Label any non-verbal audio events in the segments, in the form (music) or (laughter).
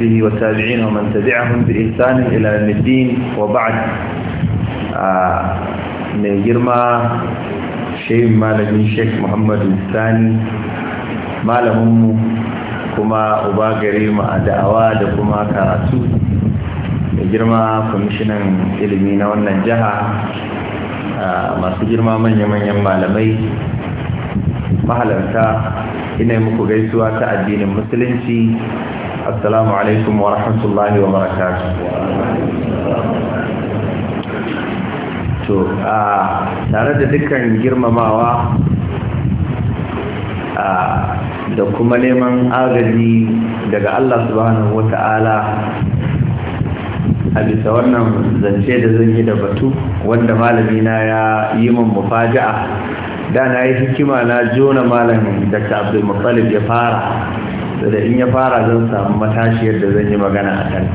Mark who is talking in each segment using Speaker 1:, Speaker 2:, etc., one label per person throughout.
Speaker 1: وصحبه والتابعين ومن تبعهم بإحسان إلى يوم الدين وبعد mai girma shehin malamin sheikh muhammadu sani malaminmu kuma uba gare mu a da'awa da kuma karatu mai girma kwamishinan ilimi na wannan jiha masu girma manya-manyan malamai mahalarta ina muku gaisuwa ta addinin musulunci assalamu alaikum wa rahmatullahi wa barakatuh to a tare da dukkan girmamawa a da kuma neman agaji daga Allah subhanahu wa ta'ala a bisa wannan zance da zan yi da batu wanda malamina ya yi min mufaja'a da na yi hikima na jona malamin dr abdulmuttalib ya fara da in ya fara zan samu matashiyar da zan yi magana a kan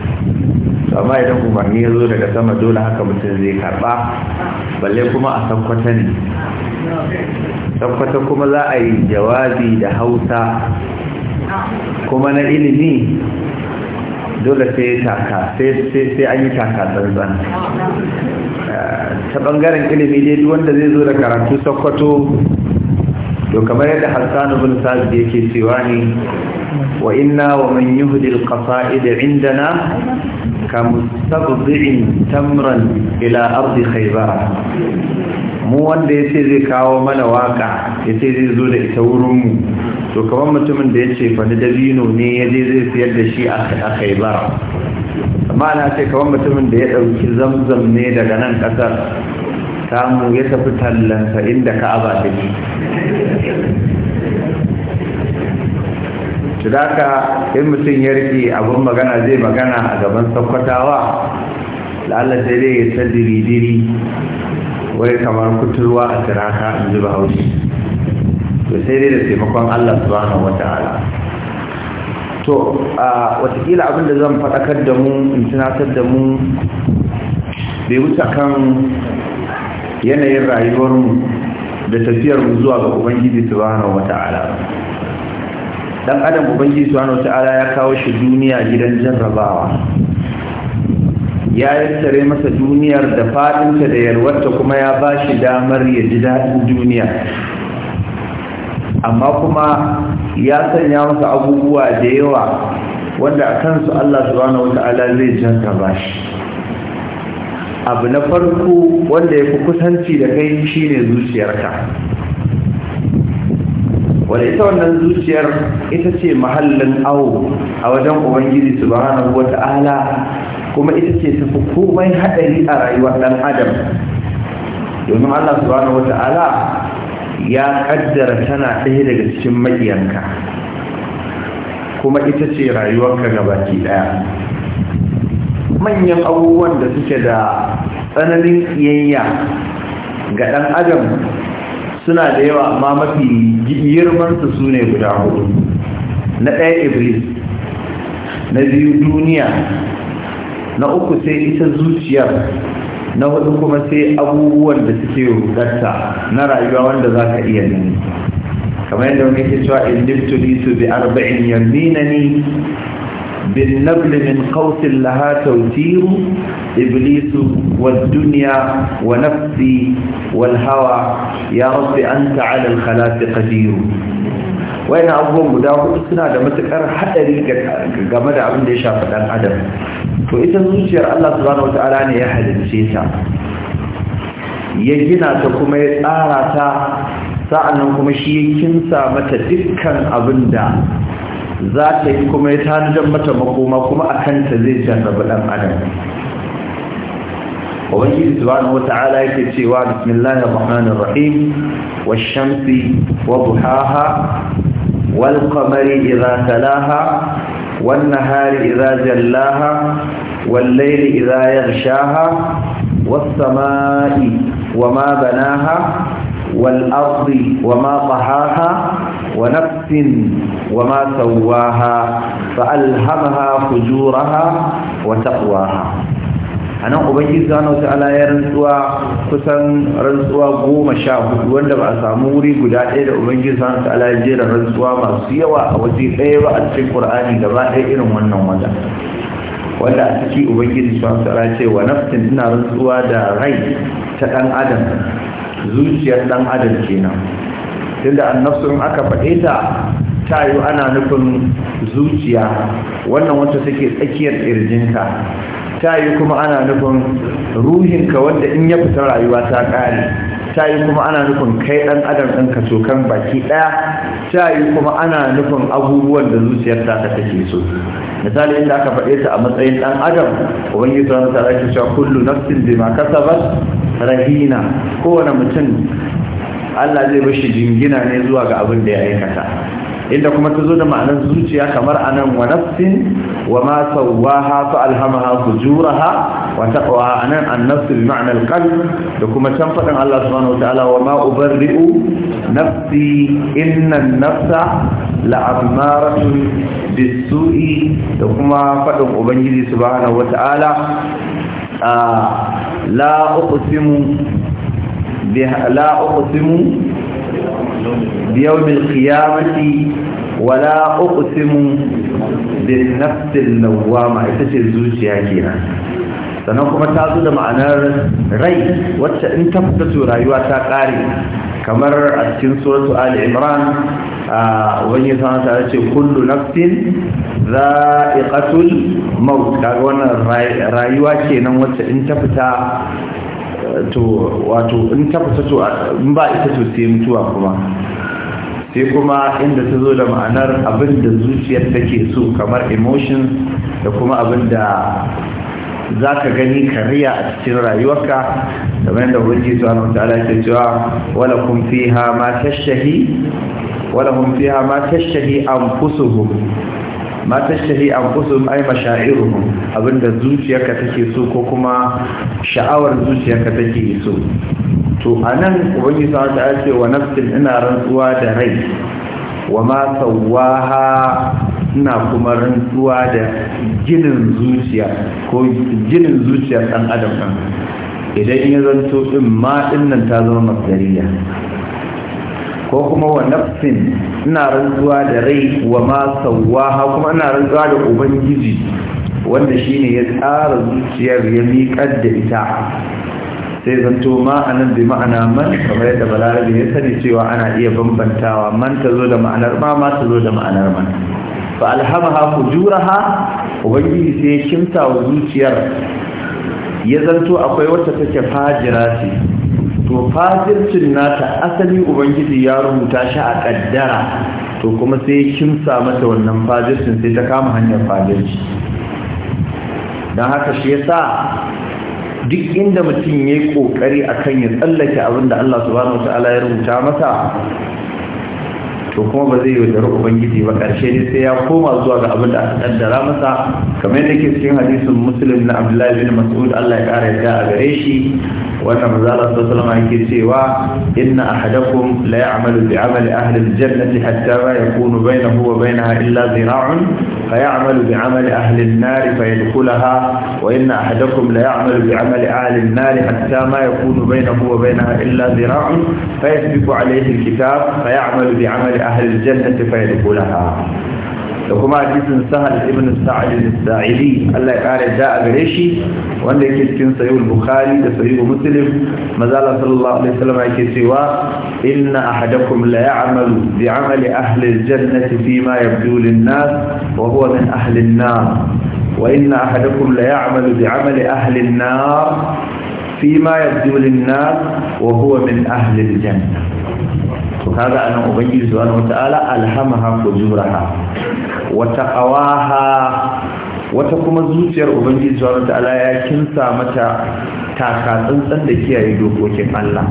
Speaker 1: amma idan umarni ya zo daga sama dole haka mutum zai karba balle kuma a sankwata ne sankwata kuma za a yi jawabi da hausa kuma na ilimi dole sai taka sai an yi taka tsantsan ta bangaren ilimi dai duk wanda zai zo da karatu sakwato, to kamar yadda hassanu bin sa'ad yake cewa ne وإنا ومن يهدي القصائد عندنا كمستبضع تمرا إلى أرض خيبر mu wanda ya ce zai kawo mana waka ya ce zai zo da ita wurinmu to kaman mutumin da ya ce fani dabino ne yaje zai siyar da shi a khaibar amma na ce kamar mutumin da ya ɗauki zamzam ne daga nan ƙasar samu ya tafi tallansa inda ka'aba ni.
Speaker 2: su daga
Speaker 1: in mutum ya rike abin magana zai magana a gaban sakwatawa la'alla da zai yi san diri-diri wai kamar kuturwa a tiraka in ji bahaushe to sai dai da taimakon allah bana wata ala to a watakila abin da zan faɗakar da mu in tunatar da mu bai wuce kan yanayin rayuwarmu da tafiyarmu zuwa ga ubangiji subhanahu wa ta'ala ba dan adam ubangiji subhanahu Wata'ala ya kawo shi duniya gidan jarrabawa ya yattare masa duniyar da fadinta da yalwarta kuma ya ba shi damar ya ji daɗin duniya amma kuma ya sanya masa abubuwa da yawa wanda a kansu Allah subhanahu wata'ala zai ba shi abu na farko wanda ya fi kusanci da kai shine zuciyarka wadda ita wannan zuciyar ita ce mahallin awo a wajen ubangiji su ba subhanahu wata'ala kuma ita ce tafi komai haɗari a rayuwar ɗan adam domin allah subhanahu wata'ala ya ƙaddara tana ɗaya daga cikin maƙiyanka kuma ita ce rayuwarka gabaki ɗaya manyan abubuwan da suke da tsananin ƙiyayya ga ɗan adam suna da yawa amma mafi girmansu su ne guda hudu na ɗaya iblis na biyu duniya na uku sai ita zuciyar na hudu kuma sai abubuwan da suke rudarta na rayuwa wanda za ka iya gani kamar yadda wani ke cewa in liftuli su bi arba'in yamminani بالنبل من قوس لها توتير إبليس والدنيا ونفسي والهوى يا رب أنت على الخلاف قدير وين أبوهم بداهم سنة لما حتى game da abin da ya shafi ɗan adam to ita zuciyar Allah subhanahu ne ya halince ta ya gina ta kuma ya tsara ta sa'annan kuma shi ya kinsa mata dukkan abin da za ta yi kuma ya tanajar mata makoma kuma a kanta zai jarraba ɗan adam ubangiji subhanahu wata'ala yake cewa bismillahir rahmanir rahim wa shamsi wa buhaha wal kamari idha talaha wan nahari idha jallaha wal layli idha yaghshaha was samai wama banaha wal ardi wama tahaha ونفس وما سواها فألهمها فجورها وتقواها anan ubangiji subhanahu wata'ala ya rantsuwa kusan rantsuwa goma sha hudu wanda ba a samu wuri guda ɗaya da ubangiji subhanahu wata'ala ya jera rantsuwa masu yawa a waje ɗaya ba a cikin qur'ani gaba ɗaya irin wannan wajen wanda a ciki ubangiji subhanahu wata'ala ce wa nafsin ina rantsuwa da rai ta ɗan adam zuciyar ɗan adam kenan tunda annafsu aka faɗe ta yi ana nufin zuciya wannan wacce take tsakiyar Ta yi kuma ana nufin ruhinka wanda in ya fita rayuwa ta ƙare yi kuma ana nufin kai ɗan adam ɗinka tokan baki ɗaya yi kuma ana nufin abubuwan da zuciyar ta take so misali inda aka faɗe ta a matsayin ɗan adam ubangiji ta ta cewa kullu nafsin bima kasabat rahina kowane mutum Allah zai shi jingina ne zuwa ga abin da ya aikata inda kuma ta zo da ma'anar zuciya kamar anan wa nafsin wa ma sawwaha fa alhamaha fujuraha wa taqwa anan an-nafs bi ma'na al da kuma can fadan Allah subhanahu wa ta'ala wa ma ubarri'u nafsi inna an-nafsa la'amaratu bis-su'i da kuma fadan ubangiji subhanahu wa ta'ala ah, la uqsimu لا أقسم بيوم القيامة ولا أقسم بالنفس اللوامة إتسي الزوجية كينا sannan kuma ta zo da ma'anar rai wacce in ta fita to rayuwa ta ƙare kamar a cikin suratu ali imran a wani sana ta ce kullu nafsin za'iqatul maut kaga wannan rayuwa kenan wacce in ta fita to wato in ta fita to in ba ita to sai mutuwa kuma sai kuma inda ta zo da ma'anar abinda da zuciyar take so kamar emotion da kuma abinda da za ka gani kariya a cikin rayuwarka da bayan da wani su ana ta'ala ke cewa wala kun fiha ma tashahi wala kun fiha ma tashahi anfusuhum ma tashtahi anfusuhum ay mashairuhum abinda zuciyarka take so ko kuma sha'awar zuciyarka take so to anan wani ta ta ce wa nafsin ina rantsuwa da rai wa ma sawaha ina kuma rantsuwa da ginin zuciya ko ginin zuciya dan adam idan ya zanto din ma dinnan ta zama masariya. ko kuma wa nafsin ina rantsuwa da rai wa ma kuma ina rantsuwa da ubangiji wanda shine ya tsara zuciyar ya miƙar da ita sai zanto ma anan ma'ana man kamar yadda balarabe ya sani cewa ana iya bambantawa man ta zo da ma'anar ma ma ta zo da ma'anar man fa alhamaha ubangiji sai ya kimta wa zuciyar ya zanto akwai wata take fajira ce to fasircin nata asali ubangiji ya rubuta shi a kaddara to kuma sai kimsa mata wannan fasircin sai ta kama hanyar fasirci don haka shi yasa duk inda mutum ya yi kokari akan ya tsallake abin da Allah subhanahu wataala ya rubuta masa to kuma ba zai yaudari ubangiji ba karshe ne sai ya koma zuwa ga abin da aka kaddara masa kamar yadda ke cikin hadisin muslim na abdullahi bin mas'ud Allah ya kara yadda a gare shi wannan manzala sallallahu alaihi yake cewa inna ahadakum la ya'malu bi amali ahli al-jannati hatta ma yakunu bainahu wa bainaha illa zira'un فيعمل بعمل أهل النار فيدخلها وإن أحدكم ليعمل بعمل أهل النار حتى ما يكون بينه وبينها إلا ذراع فيسبق عليه الكتاب فيعمل بعمل أهل الجنة فيدخلها لكما حديث سهل ابن سعد الساعدي الله تعالى جاء بريشي وأن يكتن سيو البخاري سيو مسلم ما زال صلى الله عليه وسلم يكتوى إن أحدكم لا يعمل بعمل أهل الجنة فيما يبدو للناس وهو من أهل النار وإن أحدكم لا يعمل بعمل أهل النار فيما يبدو للناس وهو من أهل الجنة to kaga anan ubangiji subhanahu wataala alhamaha fujuraha wa taqawaha wata kuma zuciyar ubangiji subhanahu wataala ya kinsa mata taka tsantsan da kiyaye dokokin Allah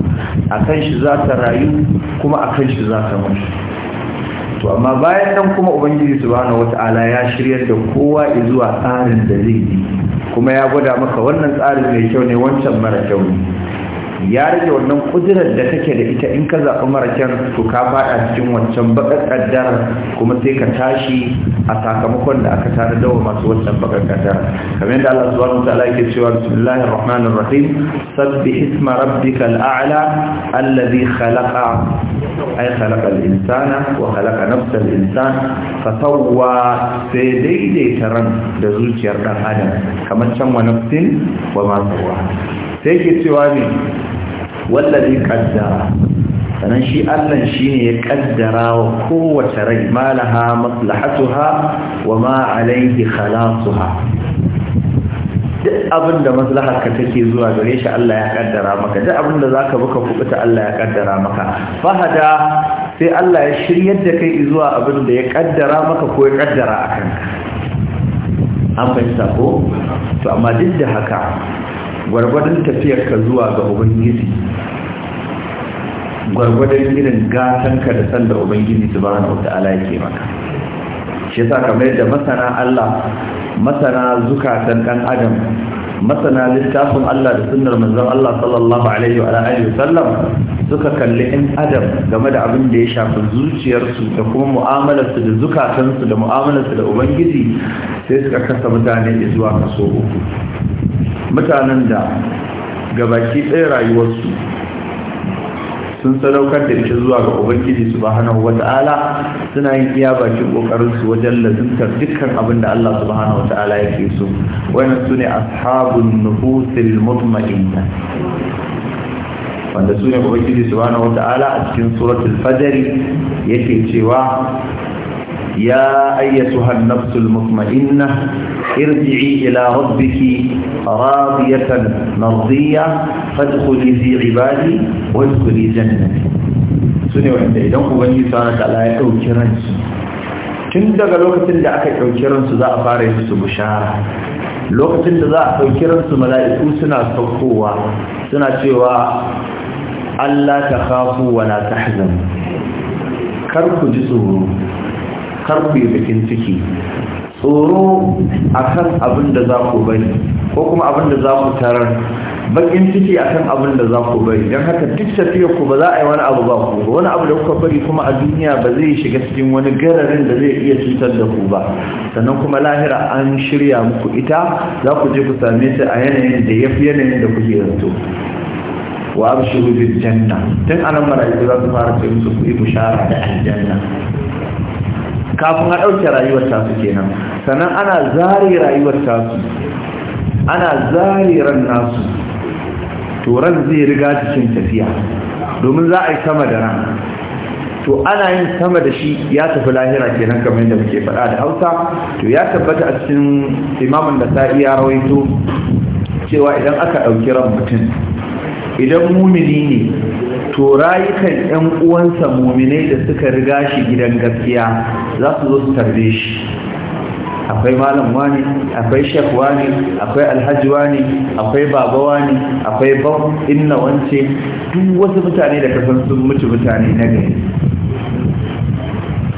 Speaker 1: akan shi za ta rayu kuma akan shi za ta mutu to amma bayan nan kuma ubangiji subhanahu wataala ya shiryar da kowa zuwa tsarin da zai yi kuma ya gwada maka wannan tsarin mai kyau ne wancan mara kyau ne ya rage wannan kudirar da take da ita in ka zaɓi maraken to ka faɗa cikin wancan baƙar kuma sai ka tashi a sakamakon da aka tare da masu wancan baƙar ƙaddar kamar yadda Allah subhanahu wa ta'ala yake cewa bismillahir rahmanir rahim sabbi isma rabbikal a'la alladhi khalaqa ay khalaqa al-insana wa khalaqa nafsa al-insan fa sawwa sai daidaita ran da zuciyar dan adam kamar can wa nafsin wa ma sawwa sai ke cewa ne wallazi kaddara sannan shi Allah shi ne ya kaddara wa kowace rai malaha maslahatuha wa ma alaihi khalasuha duk abin da maslahar ka take zuwa gare shi Allah ya kaddara maka duk abin da zaka buka kubuta Allah ya kaddara maka fahada sai Allah ya shiryar da kai zuwa abin da ya kaddara maka ko ya kaddara akan ka an fahimta ko to amma duk da haka gwargwadon tafiyar ka zuwa ga ubangiji gwargwadon irin gatanka da san da ubangiji subhanahu wata'ala yake maka shi yasa kamar yadda masana Allah masana zukatan dan adam masana littafin Allah da sunnar manzon Allah sallallahu alaihi wa alihi wasallam suka kalli in adam game da abin da ya shafi zuciyarsu da kuma mu'amalarsu da zukatansu da mu'amalarsu da ubangiji sai suka kasa mutane zuwa kaso uku mutanen da gabaki ɗaya rayuwarsu sun sadaukar da ita zuwa ga ubangiji subhanahu wata'ala suna yin iya bakin kokarin su wajen lazimtar dukkan abin da Allah subhanahu wata'ala yake so wannan sune ashabun nufusil mutma'inna wanda sune ubangiji subhanahu wata'ala a cikin suratul fajr yake cewa يا أيتها النفس المطمئنة ارجعي إلى ربك راضية مرضية فادخلي في عبادي وادخلي جنتي sune wanda idan ubangi sana ta'ala ya ɗauki ransu tun daga lokacin da aka ɗauki ransu za a fara yi su bishara lokacin da za a ɗauki ransu mala'iku suna saukowa suna cewa Allah ta khafu wa la tahzan kar ku ji tsoro karku yi bikin ciki tsoro akan abin da za ku bari ko kuma abin da za ku tarar bakin ciki akan abin da za ku bari don haka duk tafiyarku ku ba za a yi wani abu ba ku wani abu da kuka bari kuma a duniya ba zai shiga cikin wani gararin da zai iya cutar da ku ba sannan kuma lahira an shirya muku ita za ku je ku same ta a yanayin da ya fi yanayin da kuke zato wa shiru bil janna tun anan mala'iku za su fara ce musu ku yi bushara da aljanna kafin a ɗauke rayuwar tasu kenan sannan ana zare rayuwar tasu ana zare ran nasu to ran zai riga cikin tafiya domin za a yi sama da ran to ana yin sama da shi ya tafi lahira kenan kamar yadda muke faɗa da hausa to ya tabbata a cikin imamun da sa'i ya rawaito cewa idan aka ɗauki ran mutum idan mumini ne to rayukan 'yan uwansa muminai da suka riga shi gidan gaskiya za su zo su tarbe shi akwai malam wani akwai shek wani akwai alhaji wani akwai baba wani akwai ban inna wance duk wasu mutane da kasan sun mutu mutane na gari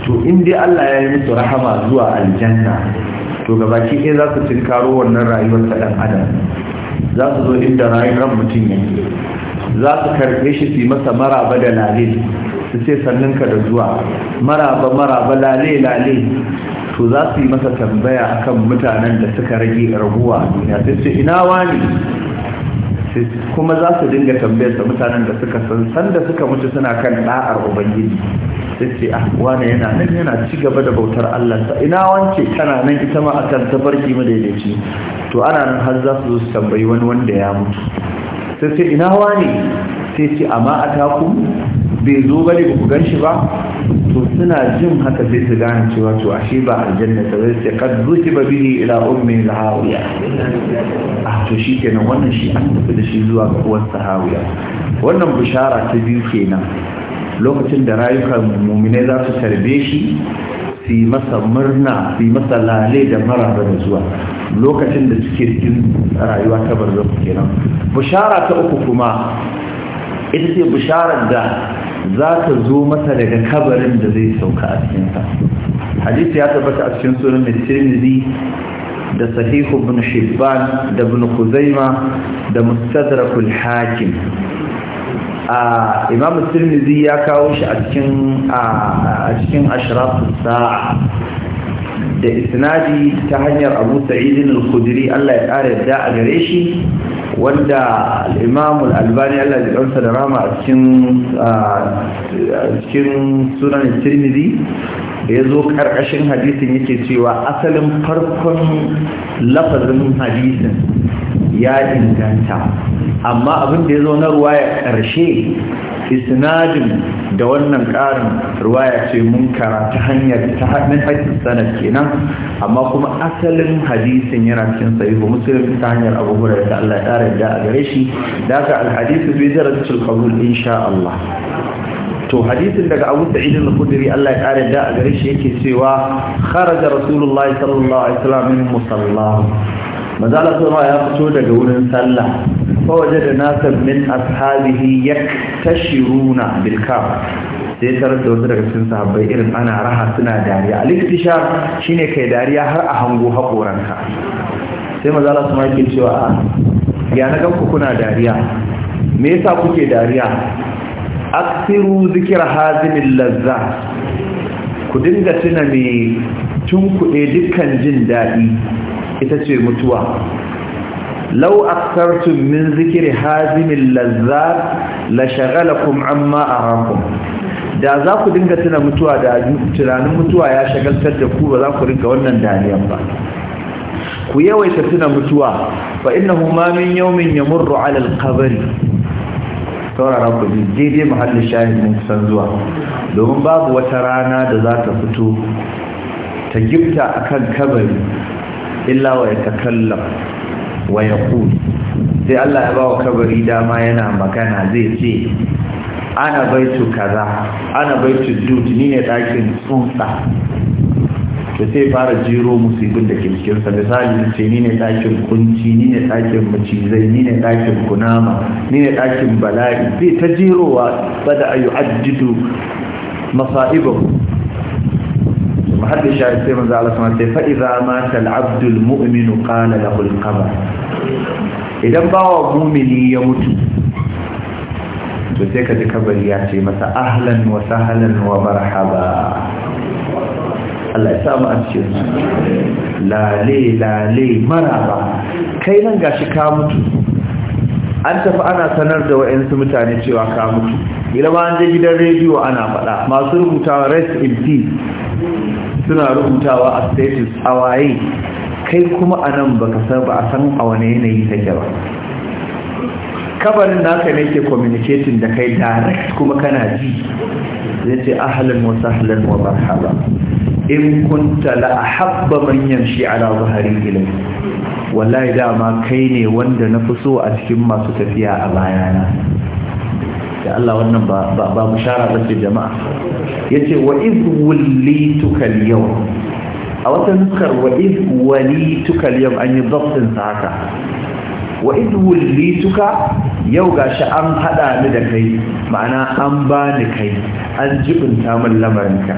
Speaker 1: to in dai Allah ya yi musu rahama zuwa aljanna to gabaki ɗaya za su cin karo wannan rayuwar ta ɗan adam za su zo inda rayuwar mutum ya za su karɓe shi su yi masa maraba da lale su ce ka da zuwa maraba maraba lale lale to za su yi masa tambaya akan mutanen da suka rage raguwa a duniya sai su ina wani kuma za su dinga tambayarsa mutanen da suka san sanda suka mutu suna kan da'ar ubangiji sai ce ah wane yana nan yana ci gaba da bautar Allah sa ina wance tana nan ita ma akan tabarki madaidaici to ana nan har za su zo su tambayi wani wanda ya mutu sai ce ina wane sai ce amma a taku? bai zo bane ba ku ganshi ba to suna jin haka sai su gane cewa to ashe ba aljanna ta zai ce kad ba bihi ila ummi hawiya ah to shi kenan wannan shi an tafi da shi zuwa ga uwar hawiya wannan bishara ta biyu kenan lokacin da rayukan muminai za su tarbe shi su yi masa murna su masa lalai da mara da zuwa lokacin da suke cikin rayuwa ta barzan kenan bishara ta uku kuma ita ce bisharar da za ta zo masa daga kabarin da zai sauka a cikinsa hadisi ya tabbata a cikin sunan tirmidhi da sahihu ibn shibban da ibn kuzaima da mustadrakul hakim imamu tirmidhi ya kawo shi a cikin a cikin sa'a da isnadi ta hanyar abu sa'idin al-khudri Allah ya kare da a gare shi wanda al'imamu Albani Allah da ɗansa da rama a cikin sunan tirmidhi da ya zo ƙarƙashin hadisin yake cewa asalin farkon lafazin hadisin ya inganta amma abin da ya zo na ruwa ya ƙarshe isnadin da wannan ƙarin ruwaya ce mun ta hanyar ta hannun haƙƙin sanad kenan amma kuma asalin hadisin yana cikin sahihu muslim ta hanyar abubuwa hurairah da Allah ya ƙara da a gare shi da haka alhadisu bi darajatul qabul insha Allah to hadisin daga Abu Sa'id al-Khudri Allah ya ƙara da a gare shi yake cewa kharaja rasulullahi sallallahu alaihi wasallam min musalla manzo Allah ya fito daga wurin sallah فوجد ناسا من أصحابه يكتشرون بالكاف sai tarar da wasu daga cikin sahabbai irin ana raha suna dariya al shi shine kai dariya har a hango haƙoranka. sai maza su kuma yake cewa ya na ganku kuna dariya me yasa kuke dariya aksiru zikir Hazimin lazza ku dinga tuna me tunkuɗe dukkan jin daɗi ita ce mutuwa lau aktartum min zikiri hazimin lazzar la shagalakum amma arakum da za ku dinga tuna mutuwa da tunanin mutuwa ya shagaltar da ku ba za ku rinka wannan daliyan ba ku yawaita tuna mutuwa fa innahu ma min yawmin yamurru ala al-qabri saurara ku ji daidai mahallin san zuwa domin babu wata rana da za ta fito ta gifta akan kabari illa wa ya wa yaqul sai Allah ya bawa kabari dama yana magana zai ce ana baitu kaza ana baitu dud ni ne dakin tsuntsa sai fara jiro musibin da ke misali ce ni ne dakin kunci ni ne dakin macizai ni ne dakin kunama ni ne dakin bala'i zai ta jirowa bada ayu addidu masaibahu muhaddis shahid sai manzo Allah sama sai fa idza mata al-abdul mu'minu qala lahu al-qabr idan bawa mu'mini ya mutu to sai ka ji kabari ya ce masa ahlan wa sahlan wa marhaba Allah ya sa samu a cikin lale lale maraba kai nan gashi ka mutu an tafi ana sanar da wa'yansu mutane cewa ka mutu ba an je gidan rediyo ana faɗa masu rubuta rest in peace suna rubutawa a status a waye kai kuma a nan ba ka san ba a san a wane yanayi take ba kabarin naka ne ke communicating da kai direct kuma kana ji zai ce ahalin wa ba wa marhaba in kunta la manyan shi a ala zahari ilai wallahi dama kai ne wanda na fi so a cikin masu tafiya a bayana da Allah wannan ba ba bushara bace jama'a yace wa iz wallituka tukal yau!" a wata nukar wa iz walituka al an yi dabtin sa haka wa iz wallituka yau gashi an haɗa ni da kai ma'ana an ba ni kai an jibinta min lamarinka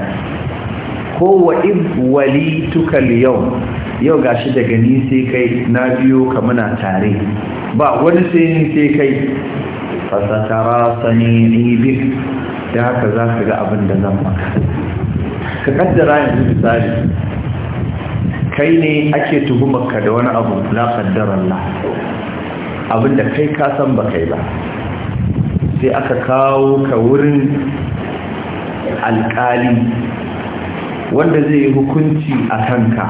Speaker 1: ko wa iz walituka al Yau yau gashi daga ni sai kai na biyo ka muna tare ba wani sai ni sai kai fasatara sani'i bi. da haka za ka ga abin da zan maka ka kaddara yanzu misali kai ne ake tuhumarka da wani abu la kaddara Allah abin da kai ka san ba kai ba sai aka kawo ka wurin alkali wanda zai yi hukunci a kanka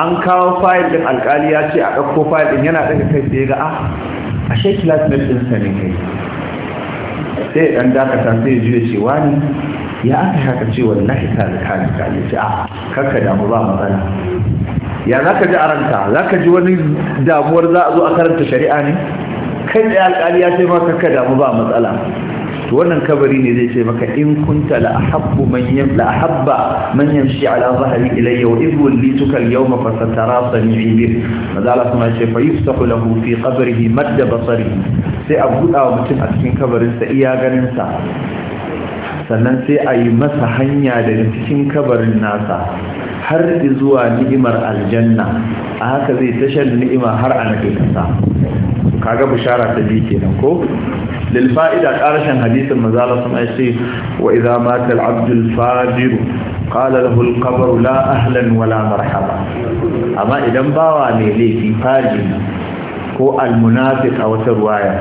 Speaker 1: an kawo fayil din alkali ya ce a ɗauko fayil din yana daga kai sai ga ah a sheki din ɗinsa ne kai sai ɗan dakata sai juya cewa ne ya aka haka ce wallahi ta da kani ka ne ce a karka damu ba matsala ya za ka ji a ranka za ka ji wani damuwar za a zo a karanta shari'a ne kai tsaye alƙali ya ce ma karka damu ba matsala to wannan kabari ne zai ce maka in kunta la ahabbu man yam la ahabba man yamshi ala zahri ilayya wa idh wallituka al-yawma fa satara sami'i madala kuma ce fa yusahu lahu fi qabrihi madda basari sai a buɗa wa mutum a cikin kabarin sa iya ganin sa sannan sai a yi masa hanya daga cikin kabarin nasa har zuwa ni'imar aljanna a haka zai tashar ni'ima har a nake kasa kaga bishara ta biyu kenan ko lil fa'ida karashin hadisin maza sun ce wa idza mata al abd al fajir qala lahu al qabr la ahlan wala marhaba amma idan bawa ne laifi fajir ko al a wata ruwaya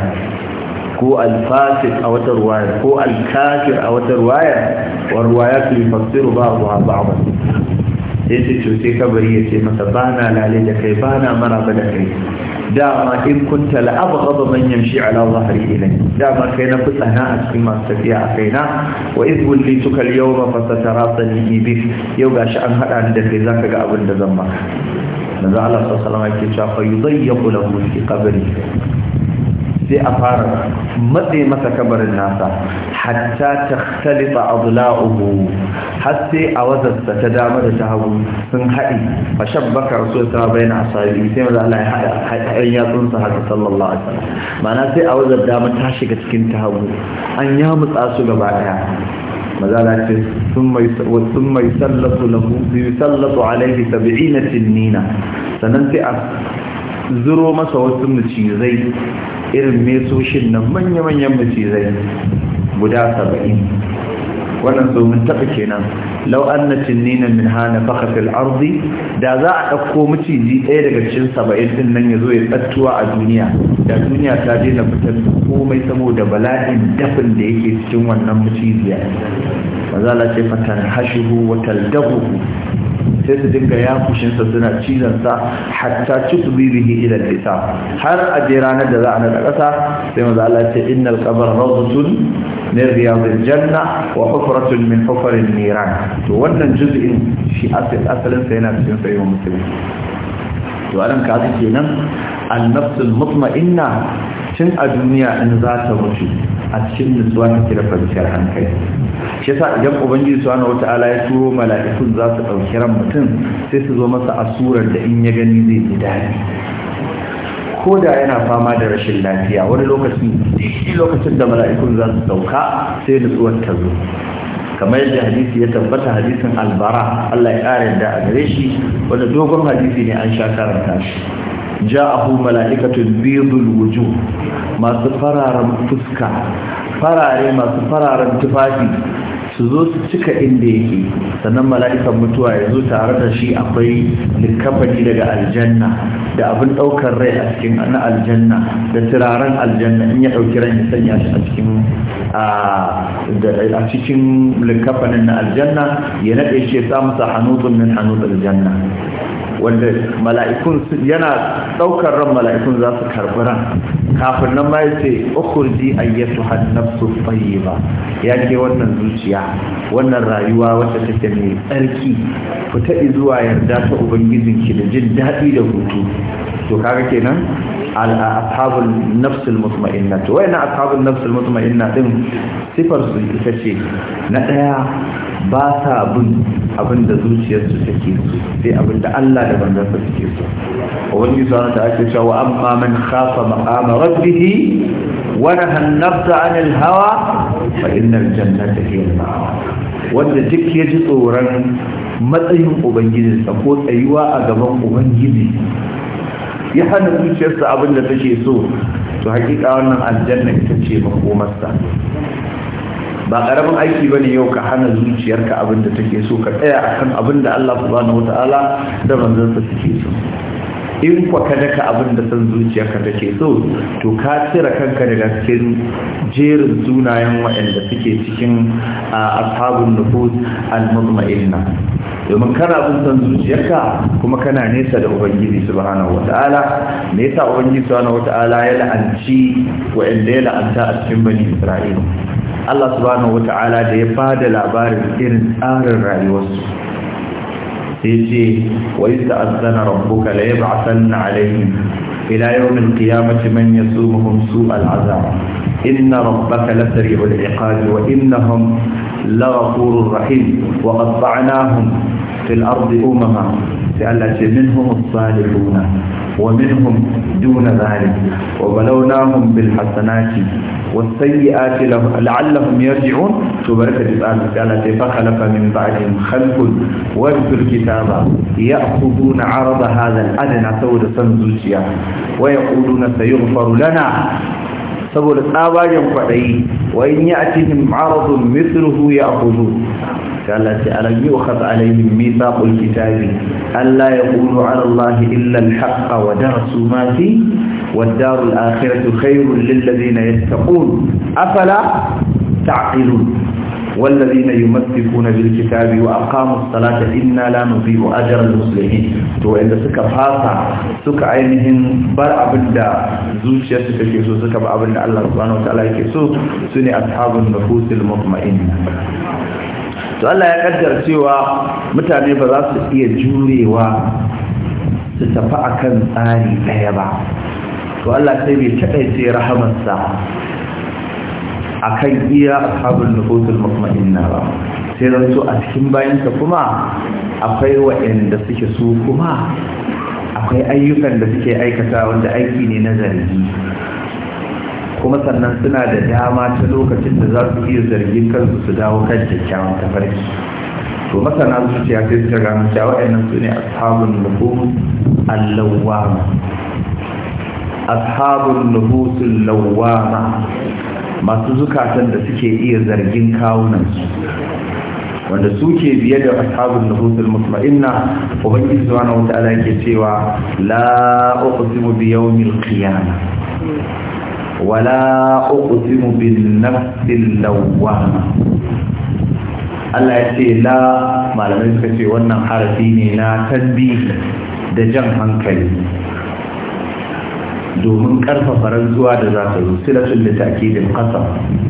Speaker 1: ko alfasik a wata ruwaya ko alkafir a watar waya wa ruwaya su yi fassiru ba kuwa ba sai su cuce kabari ya ce masa ba na lale da kai ba na maraba da kai dama in kunta la'abghadu manyan shi ala dhahri ilay dama kai na fi tsana a cikin masu tafiya a kaina wa idh wallituka fasa yawma fasatarasani bik yau gashi an hada ni da kai zaka ga abin da zan maka manzo Allah sallallahu alaihi wasallam yake cewa fa yudayyaqu lahu fi qabri sai a fara matse masa kabarin nasa hatta ta talifa abula'uhu har sai a wazarsa ta dama da ta hagu sun haɗi a shan baka rasu ta bai na asali sai maza Allah ya haɗa ɗan yatsunsa haka sallallahu alaihi wasallam ma'ana sai a wazar dama ta shiga cikin ta hagu an ya mutsa su gaba ɗaya maza Allah ce sun mai sallatu lahu bi sallatu alaihi sab'ina tinnina sannan sai a zuro masa wasu macizai irin mesoshin na manya-manyan macizai guda saba'in wannan domin taɓa kenan lau an na cinnina min hana fakafil arzi da za a ɗauko maciji ɗaya daga cikin saba'in ɗin nan ya zo ya tsattuwa a duniya da duniya ta daina fitar komai saboda bala'in dafin da yake cikin wannan maciziya mazala ce fatan hashihu wata dabu. sai su dinga yakushinsa suna sa hatta cutu bibihi ila lisa har a je ranar da za a naɗa ƙasa sai maza Allah ce innal qabar rawdatun min riyadil janna wa hufratun min hufarin niran to wannan juz'in shi asalin sa yana cikin sayyid musulmi to anan ka kenan an-nafsul mutma'inna tun a duniya in za ta mutu a cikin nutsuwa ta da kwanciyar hankali shi yasa idan ubangiji subhanahu wataala ya turo mala'ikun za su ɗauki ran mutum sai su zo masa asurar da in ya gani zai ji daɗi ko da yana fama da rashin lafiya wani lokaci lokacin da mala'ikun za su ɗauka sai nutsuwar ta zo kamar yadda hadisi ya tabbata hadisin albara Allah ya ƙara yadda a gare shi wanda dogon hadisi ne an sha karanta shi ja'ahu mala'ikatul bidul wujuh masu fararen fuska farare masu fararen tufafi su zo su cika inda yake sannan mala'ikan mutuwa ya zo tare da shi akwai likafani daga aljanna da abin ɗaukar rai a cikin na aljanna da turaren aljanna in ya ɗauki ran ya sanya shi a cikin a cikin likafanin na aljanna ya naɗe shi ya samu sa hanutun min hanutun aljanna wanda mala'ikun yana ɗaukar ran mala'ikun za su karbi ran kafin nan ma ya ce ukurji ayyatu hannabtu tayyiba ya ke wannan zuciya wannan rayuwa wacce take mai tsarki fita zuwa yarda ta ubangijinki da jin daɗi da hutu to kaga kenan ashabul nafsul mutma'inna to wayan ashabul nafsul mutma'inna din sifar su ita ce na daya ba sa bin abin da zuciyarsu take so sai abin da Allah da su take so wani zuwa ta ake cewa amma man khafa maqama rabbih ونهى النفس عن الهوى فإن الجنة هي المأوى wanda duk ya ji tsoron matsayin ubangijinsa ko tsayuwa a gaban ubangiji ya hana zuciyarsa abin da take so to hakika wannan aljanna ita ce makomarsa ba karamin aiki ba ne yau ka hana zuciyarka abin da take so ka tsaya akan abin da Allah subhanahu wataala da manzansa take so in kwa ka daka abin da san zuciyarka take so to ka cire kanka daga cikin jerin sunayen waɗanda suke cikin ashabun nufus al-mutma'inna domin kana bin san zuciyarka kuma kana nesa da ubangiji subhanahu wata'ala me yasa ubangiji subhanahu wata'ala ya la'anci waɗanda ya la'anta a cikin bani isra'ila Allah subhanahu wata'ala da ya bada labarin irin tsarin rayuwarsu sai ce wa yi ta'azzana rabbuka la yab'athanna alaihim ila yawmil qiyamati man yasumuhum su'al azab inna rabbaka lasri'ul iqab wa innahum لغفور رحيم وقطعناهم في الأرض أمما لألا منهم الصالحون ومنهم دون ذلك وبلوناهم بالحسنات والسيئات لعلهم يرجعون تبارك تعالى فخلف من بعدهم خلف ورثوا الكتاب يأخذون عرض هذا الأدنى سود سنزوجيا ويقولون سيغفر لنا saboda tsabagen kwaɗayi wa in yi a cikin ma'arazun misruhu ya kudu Allah ce alam yi wa kasa alaihim misa kitabi Allah ya kulu alallahi Allah illa wa darasu mafi fi wa darul akhiratu khairun lillazina ladina yattaqun afala ta'qilun na والذين يمسكون بالكتاب وأقاموا الصلاة إنا لا نضيع أجر المسلمين to inda suka fasa suka ainihin bar abin da zuciya suka ke so suka ba abin da Allah subhanahu wa ta'ala yake so su ne ashabun nufusil mutma'inna to Allah ya kaddar cewa mutane ba za su iya jurewa su tafi akan tsari ɗaya ba to Allah sai bai kadai sai sa. akan iya ashabul nufusul mutma'inna ba sai so a cikin bayan ta kuma akwai wa'anda suke su kuma akwai ayyukan da suke aikata wanda aiki ne na zargi kuma sannan suna da dama ta lokacin da za su iya zargin kansu su dawo kan kyakkyawan tafarki to masana zuciya sai suka gano cewa wa'annan su ne ashabul nufus allawama ashabun nufusul lawwama masu zukatan da suke iya zargin kawunan su, wanda suke biye da ashabun nufusul mutma'inna ubangiji subhanahu wa ta'ala yake cewa la uqsimu bi yawmil qiyamah la uqsimu bin nafsil lawwama Allah ya ce la malamai suka ce wannan harafi ne na tasbihi da jan hankali domin karfafa rantsuwa da za ta zo silatul li ta'kidil qasam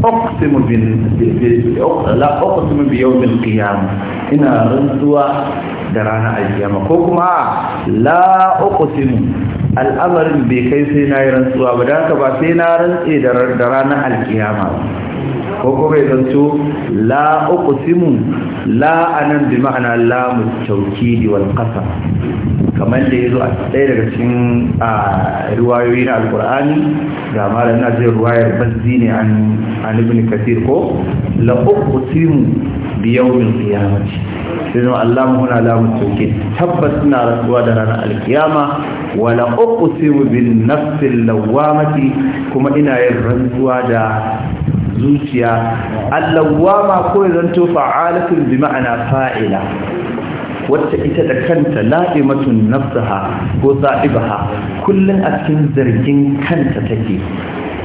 Speaker 1: uqsimu bin la uqsimu bi yawmil ina rantsuwa da rana alkiyama ko kuma la uqsimu al'amarin bai kai sai na yi rantsuwa ba don ba sai na rantse da ranar alkiyama ko kuma ya zanto la uqsimu la anan bi ma'ana la di wal qasam kamar da yazo a ɗaya daga cikin riwayoyi na alqur'ani ga malam na zai riwayar bazzi ne an an ibn kathir ko la uqsimu bi yawmil qiyamah sai zama allamu huna lamun tauke tabbas suna rasuwa da ranar alkiyama wala uqsimu bin nafsil lawamati kuma ina yin rantsuwa da zuciya allawama ko zanto fa'alatun bi ma'ana fa'ila wacce ita da kanta la'imatun nafsaha ko sa'ibaha kullun a cikin zargin kanta take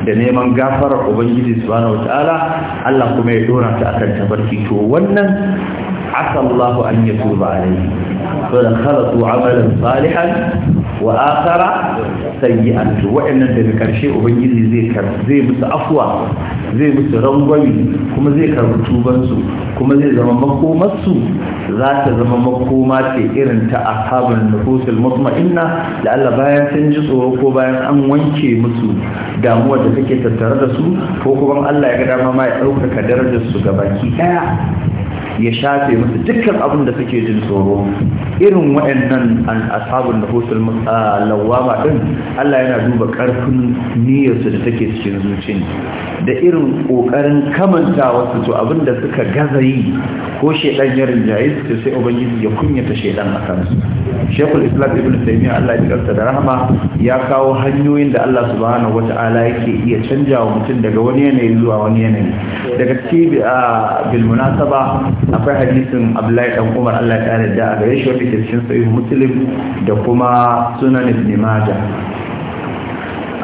Speaker 1: da neman gafarar ubangiji subhanahu wataala Allah kuma ya dora ta akan tabarki to wannan عسى الله أن يتوب عليه فخلطوا عملا صالحا وآخر سيئا وإن ذلك الشيء أبنجي ذكر زي بس أفوى زي بس رنغوي كما ذكر رتوبانسو كما زي زمن مقوماتسو ذات زمن مقومات إرن تأصحاب النفوس المطمئنة لألا باين سنجس وكو باين أن وانكي مسو damuwa da take tattare da su ko kuma Allah ya ga dama ma ya ɗaukaka darajar su gabaki ɗaya ya shafe musu dukkan abin da suke jin tsoro irin waɗannan asabun da hotel husul lawama din Allah yana duba ƙarfin niyyarsu da take cikin zuciya da irin ƙoƙarin kamanta wasu to abinda suka gaza yi ko shedan ya rinjaye su sai ubangiji ya kunyata shedan a kansu shekul islam ibn taymiya Allah ya karta da rahama ya kawo hanyoyin da Allah subhanahu wata'ala yake iya canja wa mutum daga wani yanayi zuwa wani yanayi daga cikin bil munasaba akwai hadisin Abdullahi dan Umar Allah ya kare da gare shi da cikin muslim da kuma sunan ibn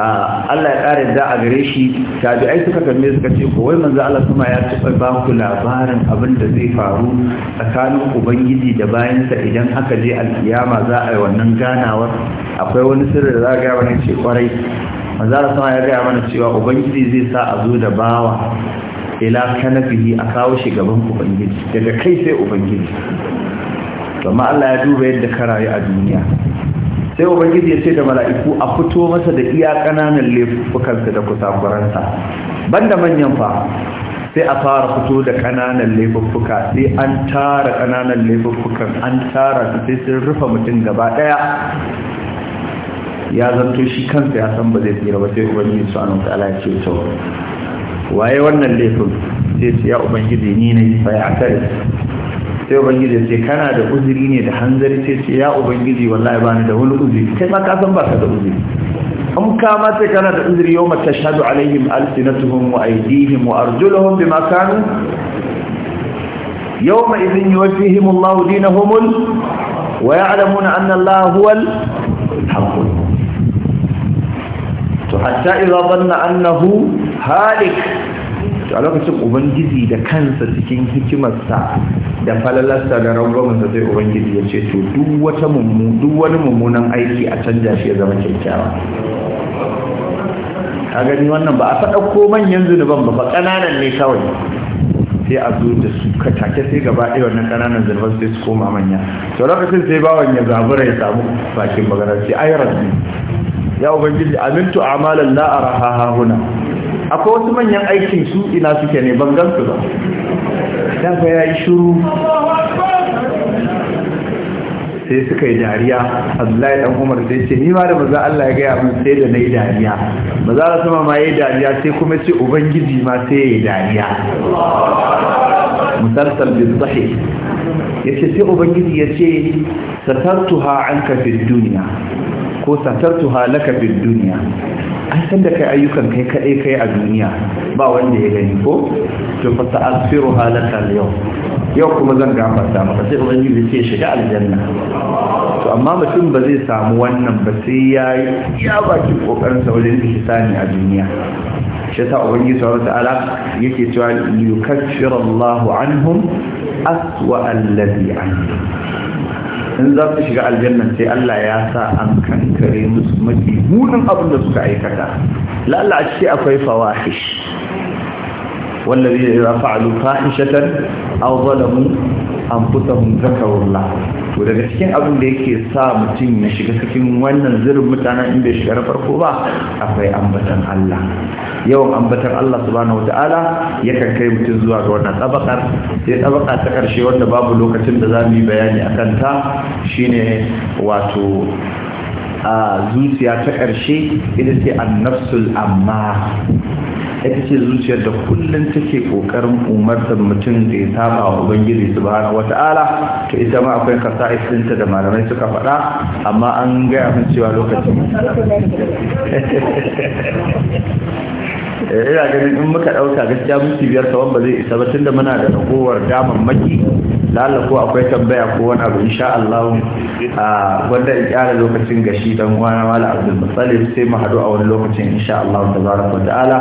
Speaker 1: Allah ya ƙara da a gare shi tabi'ai suka kalle suka ce ko wai manzo Allah kuma ya taɓa ba ku labarin abin da zai faru tsakanin ubangiji da bayansa idan aka je alkiyama za a yi wannan ganawar akwai wani sirri da za a ga wani ce kwarai manzo Allah kuma ya gaya mana cewa ubangiji zai sa a zo da bawa ila kanafihi a kawo shi gaban ubangiji daga kai sai ubangiji domin Allah ya duba yadda ka rayu a duniya sai ubangiji ya ce da mala'iku a fito masa da iya ƙananan laifukansa da kusakuransa banda manyan fa sai a fara fito da kananan laifuka. sai an tara ƙananan laifukan an tara su sai sun rufe mutum gaba ɗaya ya zanto shi kansa ya san ba zai tsira ba sai ubangiji su anu Allah ya ce to waye wannan laifin sai ya ubangiji ni ne fa ya tare. sai ubangiji ce kana da uzuri ne da hanzari sai ce ya ubangiji wallahi bani da wani uzuri kai ma ka san baka da uzuri an kama sai kana da uzuri yau mata shahadu alaihim alsinatuhum wa aydihim wa arjuluhum bima kanu ma idhin yuwaffihim Allah dinahum wa ya'lamuna anna Allah huwal haqq to hatta idha dhanna annahu halik to a lokacin ubangiji da kansa cikin hikimarsa da falalarsa da rangwamansa sai ubangiji ya ce to duk wata mummu duk wani mummunan aiki a canja shi ya zama kyakkyawa a gani wannan ba a faɗa ko manyan zunuban ba ba ƙananan ne kawai sai a zo da su ka take sai gaba ɗaya wannan ƙananan zunuban sai su koma manya to lokacin sai bawan ya zabura ya samu bakin magana sai ai rabbi ya ubangiji amintu amalan la araha huna akwai wasu manyan aikin su ina suke ne ban gansu ba dan fa yi shiru sai suka yi dariya abdullahi dan umar sai ce ni ma da maza Allah ya gaya min sai da nayi dariya maza Allah sama ma yayi dariya sai kuma ce ubangiji ma sai yayi dariya musalsal bi dhahik yace sai ubangiji yace satartuha anka fi dunya ko satartu halaka bid duniya an san da kai ayyukan kai kaɗai kai a duniya ba wanda ya gani ko to fa ta'firu halaka yau yau kuma zan gafarta maka sai ubangiji zai shiga aljanna to amma mutum ba zai samu wannan ba sai ya ya baki kokarin sa wajen ihsani a duniya shi ta ubangiji subhanahu ta'ala yake cewa yukaffiru Allahu anhum aswa alladhi anhum in za su shiga aljanna sai Allah ya sa an kankare musu mafi munin abin da suka aikata lalla a ciki akwai fawahish wallazi idza fa'alu fahishatan aw zalamu anfusahum zakarullah to daga cikin abin da yake sa mutum ya shiga cikin wannan zirin mutanen in bai shiga na farko ba akwai ambatan Allah yawan ambatan Allah subhanahu wata'ala kan kai mutum zuwa ga wannan tsabakar sai tsabaka ta karshe wanda babu lokacin da za mu yi bayani akan ta shine wato a zuciya ta ƙarshe ita ce annafsul amma ita ce zuciyar da kullum take ƙoƙarin umartar mutum da ya saba wa ubangiji subhanahu wata'ala to ita ma akwai kasa isinta da malamai suka faɗa amma an gaya min cewa lokacin (laughs) Eh, ina ganin in muka ɗauka gaskiya minti biyar kawai ba zai isa ba tunda muna da ragowar damammaki lalla ko akwai tambaya ko wani abu insha Allah a wanda in kyara lokacin gashi dan uwana mala Abdul Musallim sai mu hadu a wani lokacin insha Allah tabaraka wa ta'ala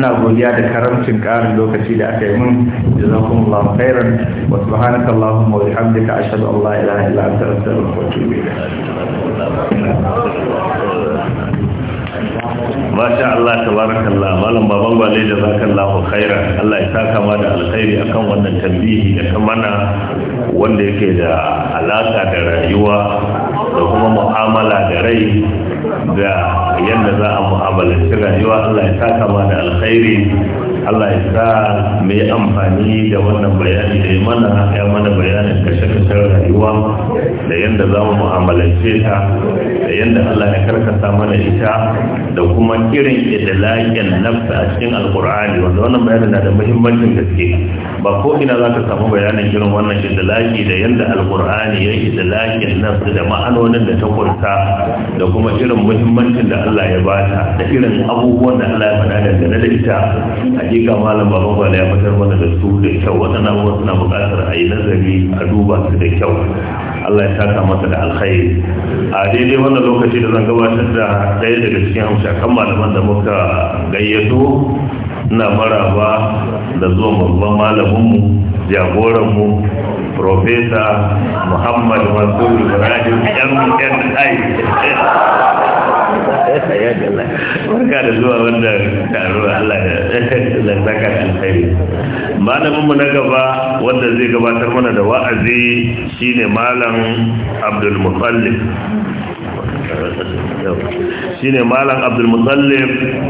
Speaker 1: ina godiya da karamcin karin lokaci da aka yi mun jazakumullahu khairan wa subhanaka allahumma wa bihamdika ashhadu an la ilaha illa anta astaghfiruka wa atubu ilayk masha Allah ta tabarakallah malam baban gwale da zakallahu khaira Allah ya saka ma da alkhairi akan wannan tambihi da ta mana wanda yake da alaka da rayuwa da kuma mu'amala da rai da yadda za a mu'amalanci rayuwa Allah ya sa kama da alkhairi Allah ya sa mai amfani da wannan bayani da mana ya mana bayanin kashe-kashen rayuwa da yadda za mu mu'amalance ta da yadda Allah ya karkasa mana ita da kuma kirin idalaƙin nafsa a cikin alkur'ani wanda wannan bayanin na da muhimmancin gaske ba ko ina za ka samu bayanin irin wannan idalaƙi da yadda alkur'ani ya idalaƙin nafsa da ma'anonin da ta kurta da kuma irin muhimmancin da Allah ya bata da irin abubuwan da Allah ya faɗa dangane da ita hakika malam baba bala ya fitar mana da su da kyau waɗannan abubuwan suna bukatar a yi nazari a duba su da kyau Allah ya saka masa da alkhairi a daidai wannan lokaci da zan gabatar da ɗaya daga cikin kan malaman da muka gayyato ina maraba da zuwa babban malaminmu jagoranmu Profesa Muhammad Mansur Ibrahim ɗan ɗan ya kalla barka da zuwa wannan taro Allah ya saka alkhairi malamin mu na gaba wanda zai gabatar mana da wa'azi shine malam Abdul Muttalib shine malam Abdul Muttalib